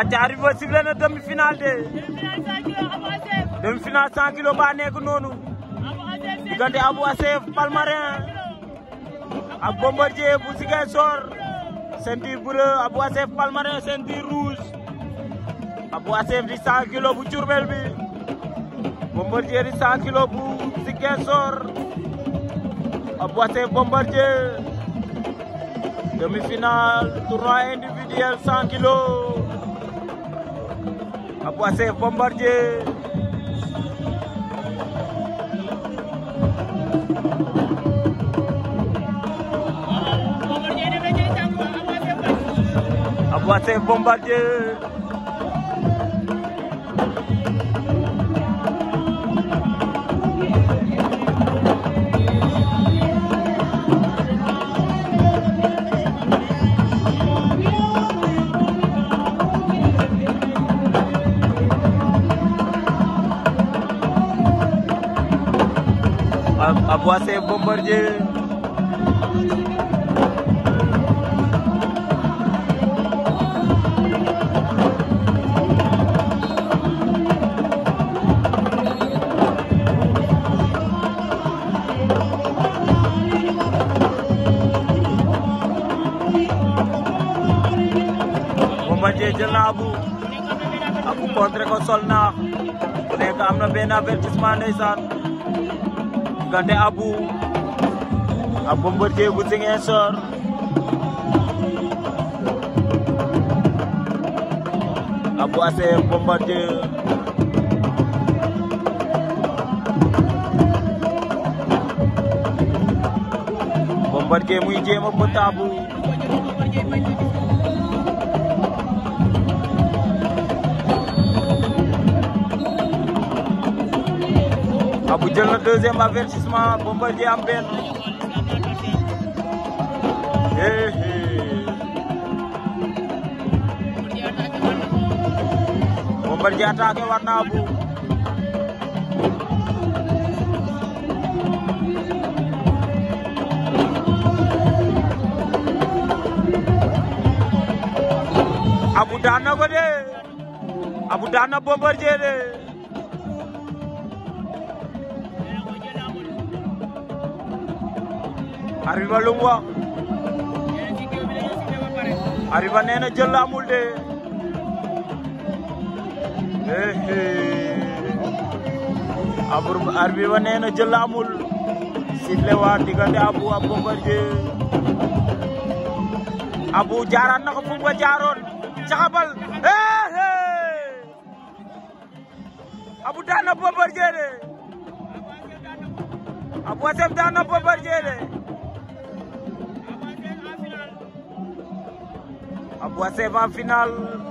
acca arbitre ba sifflé na demi finale de demi finale 100 kilo ba nekk noonu diggante Abou Assef Palmarin ak Bombardier bu Ziguinchor ceinture bleue Abou Assef Palmarin ceinture rouge Abou Assef di 100 kilos bu Diourbel bi Bombardier di 100 kilo bu Ziguinchor Abou Assef Bombardier demi-finale tournoi individuel 100 kilo ak waa Cheikh Bombardier ak waa Cheikh Bombardier Aboissé Bombardier Bombardier jël na Abou Abou contre ko sol na ku nekk am na benn avertissement ndeysaan diggante Abou ak Bombardier bu Ziguinchor Abou Assé Bombardier Bombardier muy jéem a bëtt Abou Abou jël na deuxième avertissement Bombardier am benn Bombardier attaqué war na Abou Abou daan na ko de Abou daan na Bombardier de Arbi ba lu mu ba nee na jël la amul abur Arbi ba nee na jël la amul sifflé waa diggante Abou ak Bombardier Abou jaaraan na ko fu mu ko jaaroon caxabal Abou daan na Bombardier de Abou Assef daan na Aboissé va en finale.